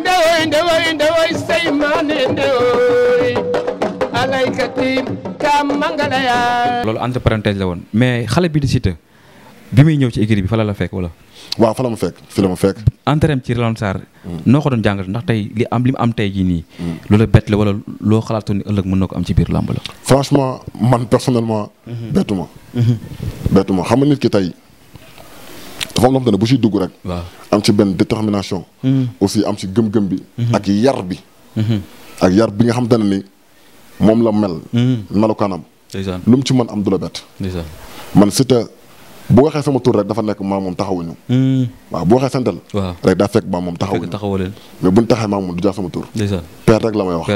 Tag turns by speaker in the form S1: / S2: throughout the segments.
S1: ndewoy ndewoy ndewoy seymane ndewoy alaykati ka mangalaya
S2: loolu entre la woon mais xale bi di Siteu bi muy ñëw ci écurie bi fa la la fekk wala
S1: waaw fa ma fekk fi la ma fekk
S2: entrem ci Relon Sarr mm. noo ko doon jàngal ndax tey li am li mu am tey jii nii loolu mm. bett la wala loo xalaatoon ni ëllëg mën na ko am
S1: ci biir làmb la franchement man personnellement bettu ma bettu ma xam nga nit ki tey dafa am loo xamante ne bu siy dugg rek. am ci benn détermination. Hmm. aussi am ci gëm-gëm bi. Hmm. ak yar bi. Hmm. ak yar bi nga xam xamante ne ni moom la mel. melukaanam. lu mu ci man am du la bett. man Siteu bu waxee sama tur rek dafa nekk maa moom taxawuñu. waaw bu waxee santal rek daa fekk maa moom taxawuñu taxawuleen mais buñ taxee maa moom du jaar sama tur. père rek la may wax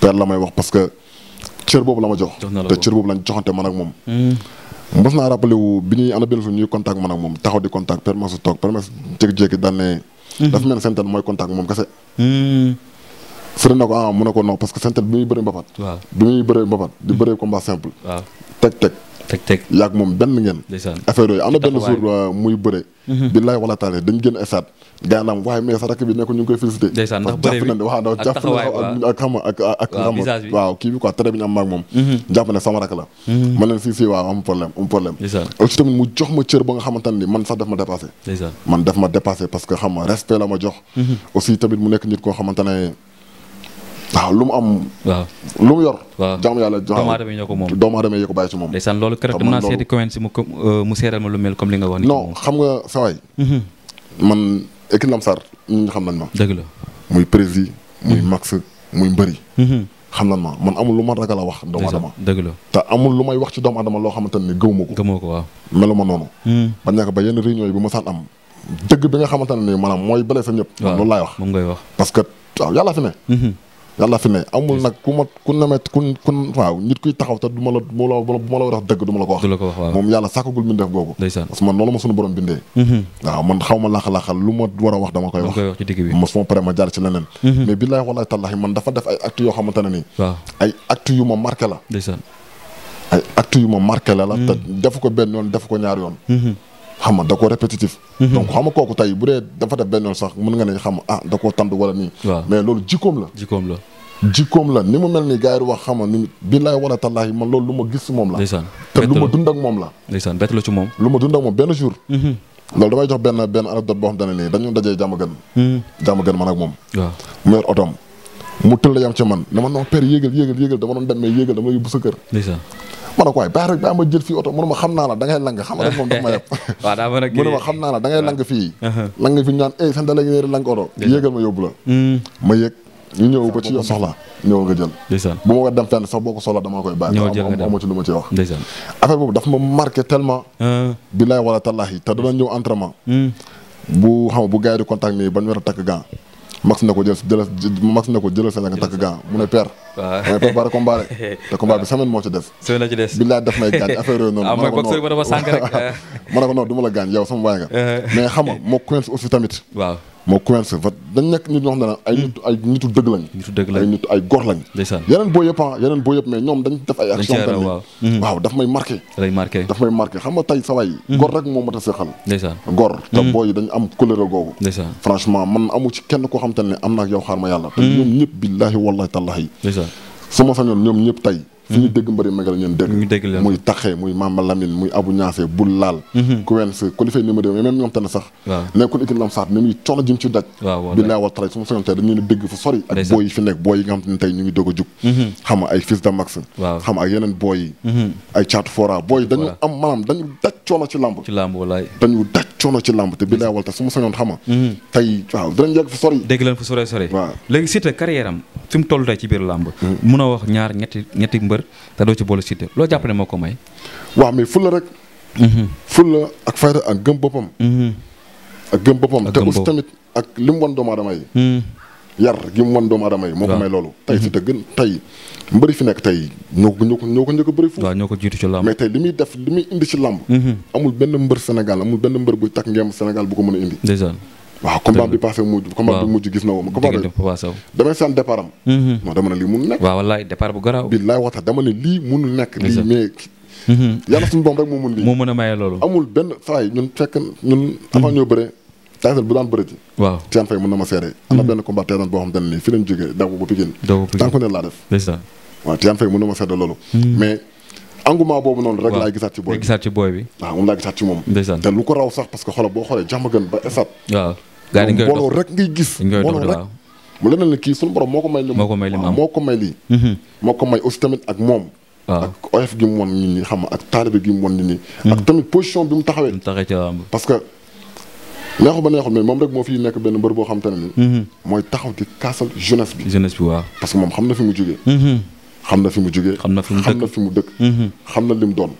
S1: père la may wax parce cër boobu la ma jox. te cër boobu lañ joxante man ak moom. Hmm. mos naa rappelé wu bi ñuy ana benn suñuy contact man ak moom taxaw di contact permesu toog permesu jékki-jékki daan ne. Hmm. dafa mel ne mooy contact moom kese. Hmm. fële na ko ah, mu ne ko non parce que Sentène bi muy bëree mbapat. waaw bi muy di bëree combat simple. waaw teg yaag moom benn ngeen affaire am na benn jour euh, muy bëre mhm. billaay wala taale dañ gën estaat gaa naam waaye mais sa rakk bi nekko ñu ngi koy félicité jàpp na ne waaw ndax jàpp na mhm. sama rakk la mhm. ma leen si si waaw am problème aussi tamit mu jox ma cër ba nga xamante ni man sax daf ma dépassé man daf ma dépassé parce que xam respect la ma jox aussi tamit mu nekk nit koo xamante waaw lu mu am. waaw lu mu yor. waaw jaamu yàlla doomu aadama yi ñoo ko moom doomu aadama yi ñoo ko bàyyi ci moom. ndeysaan loolu keroog dem naa seeti
S2: Coen si euh, mu seeral ma lu mel comme nga wax. xam nga sa
S1: mhm. man ma. dëgg la muy prési muy mhm. max muy mbëri. Mhm. xam nañ ma man amul lu ma ragal a wax. doomu aadama dëgg la te amul lu may wax ci doomu aadama loo xamante ne gëwuma ko. gëwuma ko waaw meluma noonu. ba nekk ba yenn réunion yi bu ma saan am. dëgg bi nga xamante ne nii maanaam mooy bële sa ñëpp. waaw loolu laay wax moom ngay wax parce que waaw yàlla fi ne yàlla fi ne amul nag ku ma ku nemet ku waaw nit kuy taxaw te du ma la bu ma la war a dëgg du la ko wax moom yàlla sàkkagul mbindeef googu parce que man loolu ma sunu borom bindee mm-hmm. waaw man xaw ma laaxa-laaxal lu ma war a wax dama koy wax ma su ma paree ma jaar ci leneen mm-hmm. mais billaahi wallaahi tallaahi man dafa def ay actes yoo xamante ne nii ay actes yu ma marqué la ay actes yu ma marqué la la mm-hmm. te defu ko benn yoon def ko ñaar yoon xam nga da koo répétitif. Mhm. donc xam nga kooku tey bu dee dafa def benn sax mën nga ne xam ah da koo tàmb wala nii. mais loolu jikkoom la. jikkoom la. jikkoom la ni mu mel ni gars yi wax xama ni billaay wala tallaahi man loolu lu ma gis moom la. ndeysaan lu ma dund moom la.
S2: ndeysaan moom.
S1: lu ma dund ak moom benn jour. Mhm. loolu damay jox benn benn anecdote boo xam ne nii dañu dajee jàmm gën. Mhm. jàmm gën man moom. waaw mu yor otoom mu tëll yam ci man ne ma non père yéegal yéegal yéegal dama doon dem mais dama yóbbu sa kër. ndeysaan ma ne ba ma jël fii oto mënuma la da ngay lang xam rek moom ma a xam naa la da ngay lang fii uh-huh. lang fi ñu naan ey la ngi lang oto yéegal ma yóbbu la mm. ma yéeg ñëw ba ci yow soxla ñëw nga jël bu ma ko dem fenn sax boo ko soxla dama koy bàyyi am ma ci lu ma ci wax affaire boobu daf ma marqué tellement uh-huh. billaay wala tallaahi te dana ñëw entraînement mm. bu xam bu gars di contact nii bañ war a takk gant max na ko jël jël max na ko jëlal sa naka takk gaa mu ne père. waaw mooy préparé combat rek. te combat bi moo ci des. semaine la ci def may gaañ affaire yooyu noonu. ah mooy boxeur ba ma la gaañ yow sama waay nga. mais xam nga moo Quench aussi tamit. waaw. moo commerce fa dañ nekk nit ñoo xam ne ay nit ay nitu dëgg lañ nitu dëgg lañ ay nitu lañ yeneen boo yëpp ah yeneen boo yëpp mais ñoom dañ def ay action tamit hmm. waaw daf may marqué lay marqué daf may marqué xam nga tey sa waay hmm. góor rek moo ma ta seexal ndeysaan góor te hmm. boo yi dañ am couleur googu ndeysaan franchement man amu ci kenn koo xam te ne am naa yow xaar ma yàlla te ñoom ñëpp billaahi wallahi tallaahi ndeysaan su ma sañoon ñoom ñëpp tey fi ñu dégg mbëri magal ñun dégg muy taxee muy Mama Lamine muy Abou Niassé bul laal mhm. ku wen si ku li fay numéro mais même ñoom tamit sax nekk booy yi nga a lamb ci lamb walaay dañu daj su
S2: mhm. mu toll tey ci biir lamb mhm. mun a wax ñaar ñetti mbër mbër te doo ci boole Siteu loo jàpp ne moo ko may.
S1: waaw mais fulla rek. Mhm. la ak fayda ak gëm boppam. Mhm. ak gëm boppam te aussi tamit ak li mu wan doomu aadama yi. Mhm. yar gi mu wan doomu aadama yi. moo ko may loolu. tey Siteu gën tey mbëri fi nekk tey ñoo ko ñoo ko ñoo ko njëkk bëri fu. waaw ñoo ko jiitu ci làmb mais tey li muy def li muy indi ci làmb. amul benn mbër Sénégal amul benn mbër buy takk ngeem Sénégal bu ko mën a indi. waaw combat bi passé mujj combat bi mujj gis na woon combat bi Papa Sow damay seen départ am mhm. non dama ne lii lii mënul nekk lii mais mhm. yàlla suñu boom rek moo a maye loolu amul benn saay ñun mhm. ma seere loolu mais engouement boobu noonu rek laay gisaat ci booy bi waaw moom laa gisaat ci moom te lu ko raw sax parce que xoolal boo xoolee jàmm gën ba esat gaa yi dañ koy rek ngay gis. dañ koy rek mu leneen la kii sunu borom moo ko may. moo ko may li mu am moo ko may lii. moo ko may aussi tamit ak moom. waaw ak oyof gi mu woon nit ñi xam ak taalibe gi mu woon nit ñi. ak tamit position bi mu taxawee. mu taxawee ca làmb parce que neexul ba neexul mais moom rek moo fi nekk benn mbër boo xam te ne nii. mooy taxaw di kaasal jeunesse bi. jeunesse bi waaw. parce que moom xam na fi mu jógee. xam na fi mu jógee. xam na fi mu dëkk xam na fi mu dëkk. xam na li mu doon.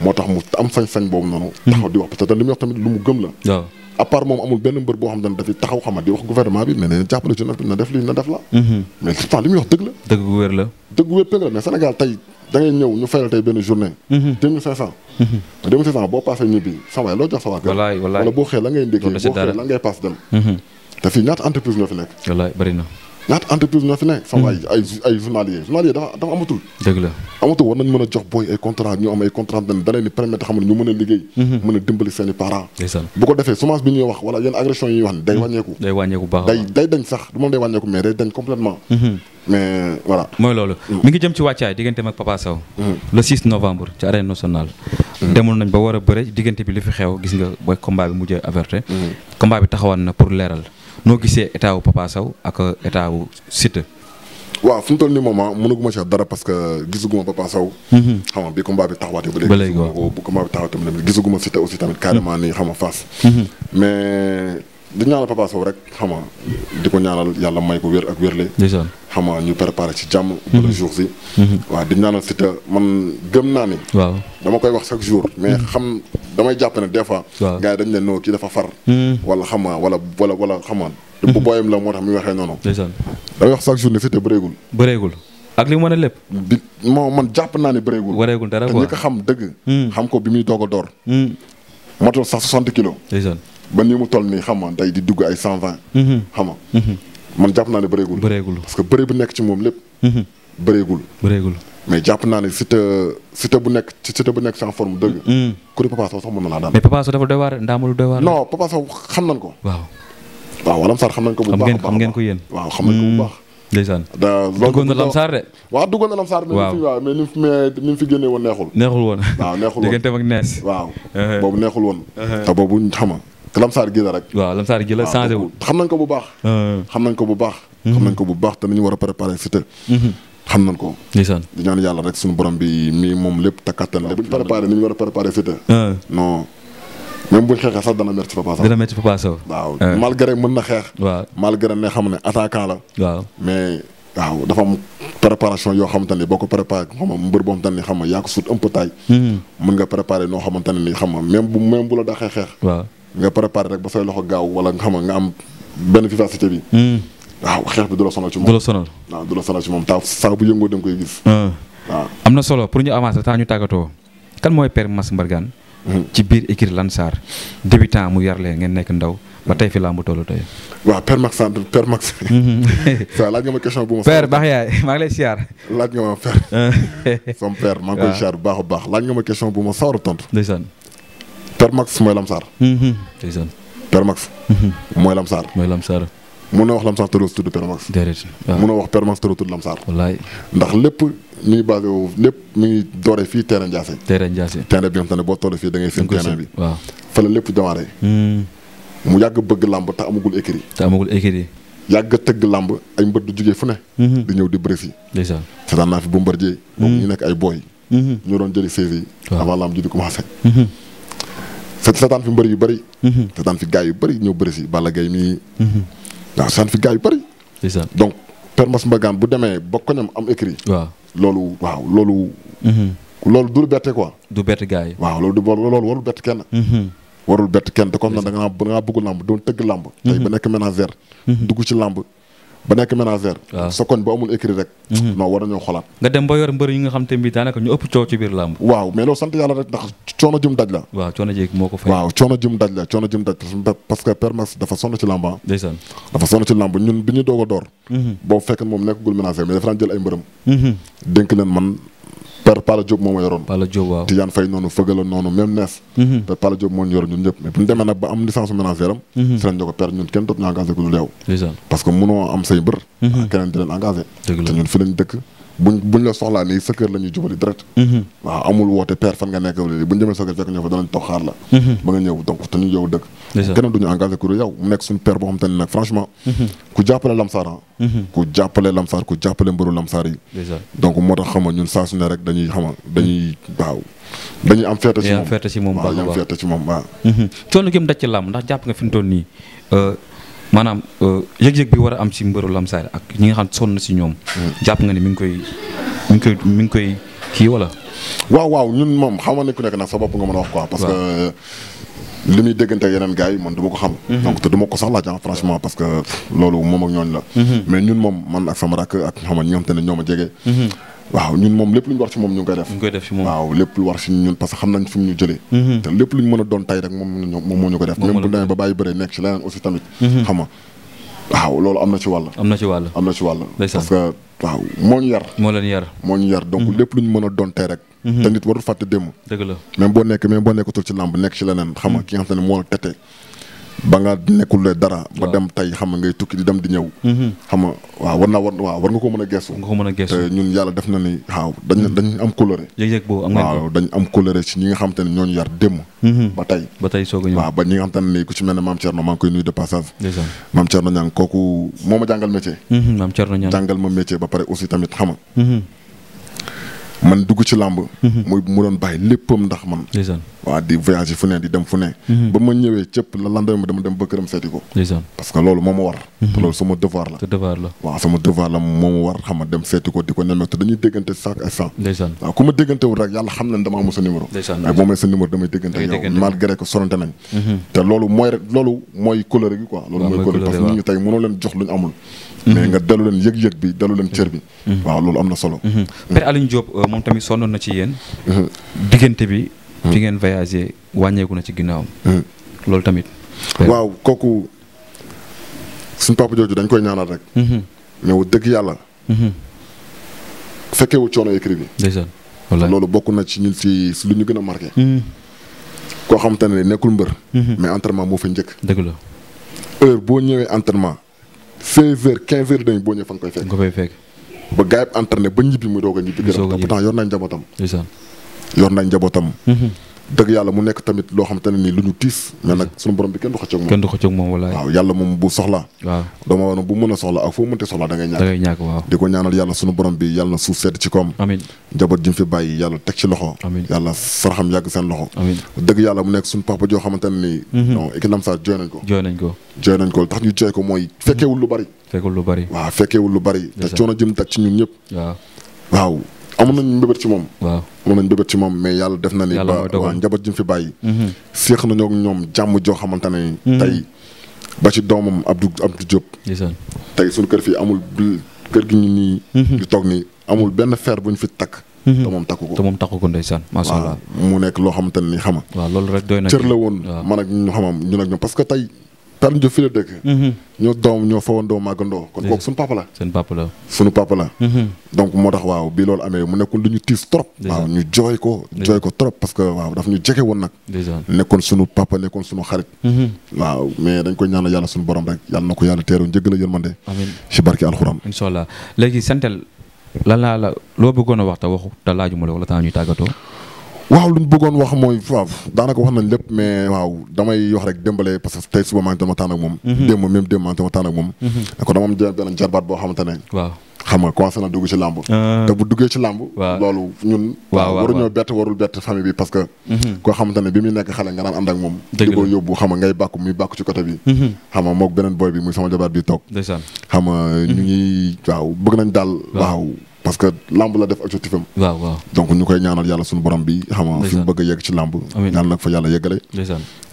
S1: moo tax mu am sañ-sañ boobu noonu. taxaw di wax parce que li muy wax tamit lu mu gëm la. à part moom amul benn mbër boo xam ne dafay taxaw xamat di wax gouvernement bi mais nee jàppale ci na def lii na def la mhm. mais pourtant li muy wax dëgg la dëgg gu wér la dëgg gu wér péng la mais Sénégal tey da ñëw ñu fayal tey benn journée mhm. deux mille cinq cent mhm. boo passé ñibbi sa loo jox sa waa kër wala boo xëyee la ngay ndékkee boo xëyee la ngay paas dem te fii ñaata entreprise ñoo fi nekk wallaay bari na ñaata entreprise ñoo fi ne. Hmm. sa waay ay ay journalier journalier dafa dafa amatul. dëgg la amatul war nañ mën a jox boy ay contrat ñu am ay contrat benn da leen di permettre xam ne ñu mën a liggéey. Hmm. mën a dimbali seen i parents. bu ko defee semence bi ñuy wax wala yenn agression yi ñuy wax ne day hmm. wàññeeku. day wàññeeku baax day day dañ sax du moom day wàññeeku mais day dañ complètement mais voilà.
S2: mooy loolu. mi ngi jëm ci wàccaay digganteem ak Papa saw le 6 novembre ci arène nationale. demul nañ ba war a bëre diggante bi li fi xew gis nga booy combat bi mujjee averté. combat bi taxawaan na pour leeral noo gisee état wu Papa Sow ak état wu Siteu.
S1: waaw fi mu toll nii moment mënaguma ci dara parce que gisaguma Papa Sow. xam nga bi combat bi taxawaatee. ba léegi waaw bu combat bi é o gisaguma Siteu aussi tamit carrément mhm. xam face. Mhm. mais. di ñaanal Papa rek xam nga di ko ñaanal yàlla may ko wér ak wérle. xam nga ñu préparé si jàmm. ba mhm. jour si. Mhm. waaw di ñaanal Siteu man gëm naa ni. waaw dama koy wax chaque jour mais mhm. xam damay jàpp ne des fois. waaw gars yi dañ ne noo kii dafa wala xam nga wala wala wala xam nga. bu booyam la moo tax mi waxee noonu. ndeysaan damay wax chaque jour ne Siteu bëreegul. bëreegul. ak li mu mën a lépp. moo man jàpp naa ne bëreegul. bëreegul dara quoi te ñi ko xam dëgg. xam ko bi muy doog a door. matul sax 60 kilos. ndeysaan ba ni mu toll nii xam nga tey di dugg ay cent vingt. Mhm. xam nga mhm. man jàpp naa bëreegul. bëreegul parce que bëre bu nekk ci moom lépp. Mhm. bëreegul. bëreegul mais jàpp naa ne Siteu Siteu bu nekk Siteu bu nekk sans forme dëgg. ku di Papa Sow sax mën na laa mais Papa Sow dafa doy doy waar. non Papa Sow xam nañ ko. waaw waaw wala Lamsar xam nañ ko. bu baax
S2: xam ngeen ko yéen. ko bu baax. ndeysaan
S1: duggoon na Lamsar de. waaw duggoon na Lamsar. waaw mais ni fi mais woon neexul. neexul woon waaw neexul woon digganteem ak nees. waaw uh-huh. boobu neexul woon. Uh-huh. lamsaar gi la rek. waaw lamsaar gi la xam nañ ko bu baax. Ah. xam nañ ko bu baax. Mhm. ko bu baax te nañu war a préparer Siteu. Mhm. xam nañ ko. ndeysaan di ñaan yàlla rek suñu borom bi mii moom lépp te kattan lépp. war a préparé Siteu. Ah. non même bu ñu xeexee sax dana métti Papa Sow. dana
S2: métti Papa Sow.
S1: waaw ah. malgré mën na xeex. waaw ne xam ne attaquant la. waaw mais. waaw dafa am préparation yoo xamante ne boo ko préparé xam nga mbër boo xamante ne xam nga yaa ko suut un mhm. ne nii xam nga même bu même bu la daxee xeex. waaw nga préparé rek ba say loxo gaaw wala nga xam nga am benn vivacité bi. Hmm. waaw xeex bi du la sonal ci moom. du la sonal ci moom taa saa bu yëngoo da nga koy gis.
S3: Hmm.
S2: am na solo pour ñu avancer taa ñu taggatoo kan mooy Père Max Mbargane hmm. ci biir écurie Lansar débutant mu yar leen ngeen nekk ndaw. ba tey fi làmb tollu tey. waaw Père Max sant
S1: Père Max. ma question ma. Père baax yaay maa ngi koy ah. siyaar baax a baax laaj nga ma question bu ma sawar a tontu. Permax mooy Lamsaar. Mm-hmm. ndeysaan. Permax. Mm-hmm. mooy Lamsaar. mooy Lamsaar. mun na wax Lamsaar te doo si tudd Permax. déedéet waaw mun na wax Permax te doo tudd Lamsaar. wallaay ndax lépp mi ngi basé lépp mi ngi doore fii terrain Ndiassé. terrain Ndiassé. terrain bi nga xam ne boo tollee fii da ngay seen terrain bi lépp démarré. Mm. mu yàgg bëgg làmb te amagul écrit. te amagul écrit. yàgg a tëgg làmb ay mbër du jugee fu ne. Mm-hmm. di ñëw di bëri fii. ndeysaan seetaan naa fi Bombardier. moom ñu nekk ay booy. ñoo doon jëli CV yi. avant làmb di commencé. seetaan fi mbër yu bëri. Mhm. seetaan fi gaay yu bëri ñëw bëri si Balla Gaye mii. Mhm. waaw seetaan fi gaay yu bëri. donc Père Mass Mbagaan bu demee ba koñam am écrit. waaw loolu waaw loolu. Mhm. loolu du lu bette quoi.
S2: du bett gaay waaw loolu
S1: du loolu warul bett kenn. warul bett kenn te comme nag da ngaa bëgg làmb doon tëgg làmb. tey ba nekk ménagère. dugg si làmb. ba nekk ménagère sa koñ amul écrit rek mhm. non war nañoo xolaat
S2: nga dem ba yor mbër yi nga xam te bi daanaka ñu ëpp coow biir làmb
S1: waaw mais sant yàlla rek ndax coono jëm daj la waaw coono jéeg daj la coono jëm daj parce que permax dafa sonn ci làmba ah. ndeysaan dafa sonn ci làmb ñun bi ñu doog door mhm. boobu fekk moom nekkagul ménagère mais dafa daan jël ay mbërëm mhm. dénk leen man père Pala Diop moom a yoroon. Pala Diop noonu Fëgala noonu même neef. Mhm. père Pala Diop moo ñu yoroon ñun ñëpp mais demee nag ba am licence ménagère am. si mhm. lañ ko père ñun kenn dootu ñu engagé ku dul yow. parce que mënoo am say bër. Mhm. keneen di leen engagé. te ñun fi lañ dëkk buñ buñ la soxlaa nii sa kër la ñuy jubali direct mhm. waaw amul woote père fan nga nekk wala lii buñ demee sa kër fekk ñëw fa danañ toog xaar la mhm. ba nga ñëw donc te ñu yow dëkk kenn duñu engagé kuréel yow nekk suñu père boo xam te nag franchement mhm. ku jàppale lamsaar ah. ku jàppale lamsaar ku jàppale mbëru lamsaar donc moo tax xama ñun saa rek dañuy xama dañuy
S3: am ferte ci moom waaw ci
S1: moom
S2: waaw coono gi mu ci làmb ndax jàpp nga fi mu toll
S1: euh, maanaam euh,
S2: yëg-yëg bi war a am ci mbëru lamsaar ak ñi nga xam sonn si ñoom. jàpp nga ni mi ngi koy mi ngi koy
S1: mi ngi koy kii wala. waaw waaw ñun moom xam ne ku nekk nag sa bopp nga mën a wax quoi. parce que euh, li muy déggante ak yeneen gars yi man du ko xam. Mhm. donc te du ma ko sax laaj franchement parce que loolu moom ak ñooñ la. Mhm. mais ñun moom man ak sama rakk ak xam ñi nga xam te ñoo ma jege. Mhm. waaw ñun moom lépp lu ñu war si moom ñu ngi koy def. ñu ngi koy def waaw lépp lu war si ñun parce que xam nañ fi ñu jëlee. Mhm. te lépp lu mën a doon tay rek moom moom ñu ko def. même bu demee ba am na ci wàll. am na ci wàll am na ci wàll. parce que waaw moo ñu yar. moo leen yar moo ñu yar donc mhm. lépp lu ñu mën a doon tey rek. Mhm. te nit warul fàtte démb. dëgg la même boo nekk même boo nekkatul ci làmb nekk ci leneen xam nga ki nga xam ne moo la ba nga nekkul dara. ba dem tey xam ngay tukki di dem di ñëw. Mhm. xam nga waaw war naa war nga ko mën a gestu. a ñun yàlla def na ni waaw dañ mhm. am coloré. si ñi nga xam te ñooñu yar démb. Mhm. ba tey ba tey soog a ñëw ba ñi nga xam te ne ku ci mel ne maam Thierno maam Thierno Niang kooku moo ma jàngal métier. jàngal ma métier ba pare aussi tamit xam man dugg ci làmb muy mhm. mu doon bàyyi léppam ndax man waaw di voyage fu ne di dem fu ne mhm. ba ma ñëwee cëpp la lendemain dama dem ba këram seeti ko parce que loolu moo ma war mhm. te ma dem seeti ko di ko nemmeeku te dañuy déggante chaque instant waaw ku ma déggantewul rek yàlla xam na damaa amul sa numéro waaye sa numéro damay déggante yow malgré que sorante nañ te loolu mooy rek loolu mooy couleur gi parce que nit ñi tey mënoo jox lu amul mais nga dalu leen yëg-yëg bi dalu leen cër bi. waaw loolu am na solo. Père Alioune
S2: Diop euh, moom tamit sonnoon na ci yéen. diggante bi. Hmm. fi ngeen voyagé wàññeeku na ci ginnaaw hmm. loolu tamit. waaw
S1: kooku suñ papa jooju dañ koy ñaanal rek. mais wu dëgg yàlla. fekkee wu coono écrit bi. loolu bokk na ci ñu si lu ñu gën a marqué. Hmm. koo xamante ne nekkul mbër. mais entraînement njëkk. dëgg boo ñëwee entraînement. 16 heures 15 heures dañ boo ñëwee koy fekk. ba gars yi ba ñibbi mu doog a ñibbi. mu soog a ñibbi yor nañ njabootam. yor nañ njabootam. Mhm. dëgg yàlla mu nekk tamit loo xam te ne nii lu ñu tiis mais nag suñu borom bi kenn du xëccoog moom kenn du xëccoog moom walaay waaw yàlla moom bu soxla waaw bu mën a soxla ak foo mënte soxla da ngay ñàkk da ngay ñàkk waaw di ko ñaanal yàlla suñu borom bi yàlla na suuf sedd ci koom amiin njaboot mu fi bàyyi yàlla teg yàgg seen loxo dëgg yàlla mu nekk suñu papa joo xamante ne nii mhm. non équipe Lamsar ko jooy ko jooy ko tax ñu jooy ko mooy mhm. fekkeewul lu bari fekkeewul lu bari waaw lu bari te coono jëm tag ci ñun ñëpp waaw amoon nañ mbébét ci moom. waaw nañ mbébét ci moom mais yàlla def na ni. yàlla mooy dogal ba waa njaboot ji fi bàyyi. Mm-hmm. seex nañoo ñoom jàmm joo xamante ne. Mm-hmm. tey ba ci doomam Abdou Abdou Diop. tey suñu kër fii amul kër gi ñu nii. Mm-hmm. ñu toog nii amul benn fer bu ñu fi takk. te moom takku ko te moom takku ko ndeysaan macha allah mu nekk loo xamante ne nii xama waaw loolu rek doy na cër la woon. man ak ñu xamam ñun ak ñoom parce que tey. Père Diouf fii la dëkk. Mhm. ñoo doom ñoo fawoon doom màggandoo kon eh. kooku suñu papa suñu papa mhm. donc moo tax waaw bii loolu amee mu nekkul lu ñu tiis trop. waaw ñu jooy ko jooy ko trop parce que waaw daf ñu jege woon nag. nekkoon suñu papa nekkoon suñu xarit. Mhm. waaw mais dañ koy ñaanal yàlla suñu borom rek yàlla ko yàlla teeru njëgg la yërmande. amiin si barki alxuraan.
S2: incha allah léegi santel lan laa loo bëggoon a wax te
S1: waxu ta laajuma la wala temps ñuy tàggatoo. waaw lu ñu bëggoon wax mooy waaw daanaka wax nañ lépp mais waaw damay wax rek démbale parce que tey suba maa ngi doon waxtaan ak moom. Mhm. démb même démb maa ngi doon waxtaan ak moom. kon mhm. dama am benn jarbaat boo que. Mhm. koo xamante ne bi muy nekk xale nga naan ànd ak moom. dëgg la di ko yóbbu xam nga ngay bàkku muy bàkku ci côté bi. xam nga beneen boy bi muy sama jarbaat bi toog. ndeysaan xam ngi waaw bëgg nañ daal waaw parce que lamb la def objectif am. donc ñu koy ñaanal yàlla suñu borom bi xam nga bëgg a yegg ci lamb. ñaan nag fa yàlla yeggale.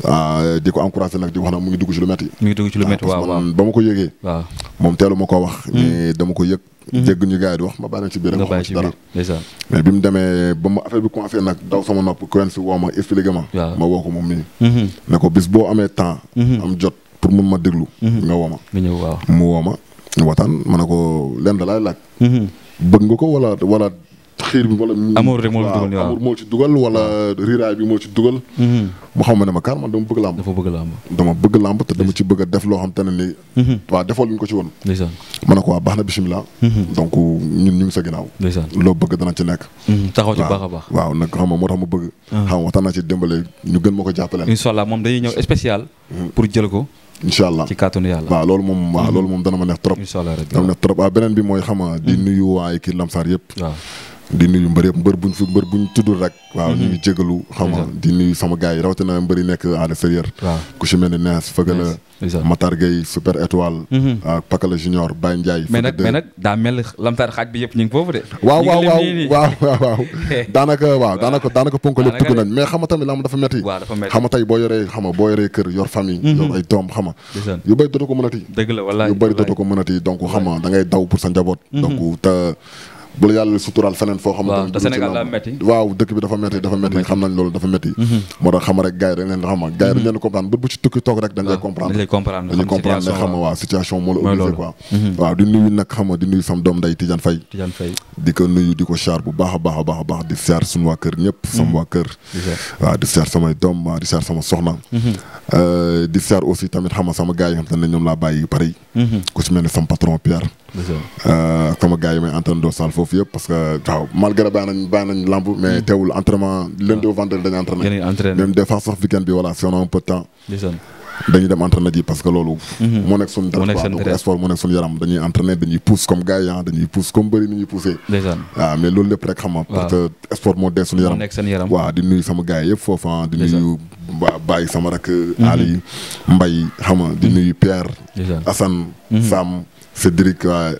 S1: Ah, di ko encouragé nag di wax nag mu ngi dugg ci ah, ba ma ko yëgee. Hmm. Hmm. wax. ma mu demee ba ma affaire bi commencé nag daw sama nopp ku leen si woo ma ma. ma woo ko moom nii. Hmm. ne ko bis boo amee temps. am jot pour mun ma déglu. nga woo ma. nga ñëw waaw mu woo ma ma ne ko lenn da laay bëgg nga ko wala wala xiir bi wala. amour rek moo dugal amour moo ci dugal wala riiraay bi moo ci dugal. Mm-hmm. mu xam ma ne ma kaar man dama bëgg làmb. dafa bëgg làmb. dama bëgg làmb te dama ci bëgg def loo xam te ne nii. Mm-hmm. waa defoo luñ ko ci woon. ndeysaan ma ne ko waa baax na bisimilah. Mm-hmm. donc ñun ñu ngi sa ginnaaw. ndeysaan loo bëgg dana ci nekk. taxaw ci baax a baax waaw nag xam nga moo tax ma bëgg. Ah. xam nga waxtaan naa ci démbale ñu gën ma ko jàppale.
S2: incha allah moom dañuy ñëw spécial.
S1: pour jël ko. incha allah ci kàttanu yàlla waaw loolu moom waaw loolu moom dana ma neex trop dana ma neex trop waaw beneen bi mooy xama di nuyu waa équipe lamsaar yëpp di nuyu mbër yëpp mbër buñ fi mbër buñ tuddul rek. waaw mhm. ñu ngi jégalu. Mhm. di nuyu sama gars yi rawatina mbër yi nekk à l'extérieur. waaw ku si mel ne Nees Fëgala. Matar Gueye super étoile. Mhm. ak Pakala junior Baye Ndiaye. mais
S2: daa mel lamtaar xaaj bi yëpp ñu ngi foofu de. waaw waaw waaw
S1: waaw daanaka waaw daanaka daanaka ponk lépp tudd nañ mais xam nga tamit lam dafa dafa metti xam nga boo yoree xam boo yoree kër yor famille. yor ay doom xam nga. yu bëri dootoo ko mënati. dëgg yu bëri dootoo ko mënati donc xam nga da ngay daw pour sa njaboot. donc te bu la yàlla suturaal feneen foo xamante ne Sénégal la metti waaw dëkk bi dafa metti dafa metti xam nañ loolu dafa metti moo tax xam rek gars yi dañ leen xama gars yi dañ leen comprendre bët bu ci tukki toog rek dañ lay comprendre dañ lay comprendre ne xama waaw situation moo la obligé quoi waaw di nuyu nag xama di nuyu sam doom nday Tidiane Faye Tidiane Faye di ko nuyu di ko char bu baax a baax a baax a baax di char suñu waa kër ñëpp sam waa kër waaw di char samay doom waaw di char sama soxna di char aussi tamit xama sama gars xam te ne ñoom bàyyi Paris ku ci mel sam patron Pierre Euh, comme gars yi may entraîné saal foofu yëpp parce que waaw malgré bàyyi nañ bàyyi nañ lamb mais hmm. teewul entraînement lundi au vendredi dañuy entraîné même défense fois sax weekend bi voilà si on a un peu de temps dañuy dem entraîné di parce que loolu hmm. moo nekk suñu dara donc sport moo nekk suñu yaram dañuy entraîner dañuy pousse comme gars yi ah, dañuy pousse comme bëri ni ñuy poussé waaw mais loolu lépp rek xam nga parce que sport moo dee suñu yaram waaw di nuyu sama gars yi yëpp foofu ah di nuyu bàyyi sama rak hmm. Ali Mbaye xam nga di nuyu Pierre Assane Sam Cedric lá ah,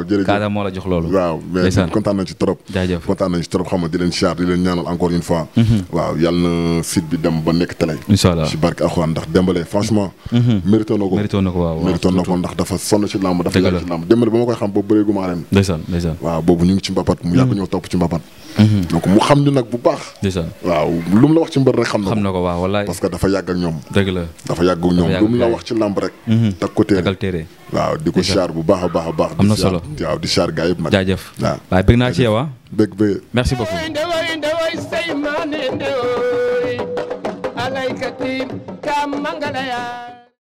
S1: waaw jërëjëf Kaada moo la jox loolu. waaw mais kontaan nañ ci ci trop xam nga di leen siyaar di leen ñaanal encore une fois. Mhm. waaw yal na bi dem ba nekk télé. incha allah si barke Alxuraan ndax Dembélé franchement. waaw mhm. mérité na ko ndax dafa sonn ci làmb dafa yàgg ci ba ma koy xam boobu bëreegu maa ren. ndeysaan ndeysaan waaw boobu ñu ngi ci mbapat mu yàgg mhm. ñoo topp ci mbapat. mu xam ñu nag bu baax. ndeysaan waaw lu mu la wax ci mbër rek xam na ko waaw parce que dafa yàgg ñoom. dëgg waaw di ko char bu baax a baax a baax. am na solo waaw di char gaa yëpp nag. jaajëf waaw
S2: waaye bëgg naa ci yow ah.
S1: bëgg merci
S3: beaucoup.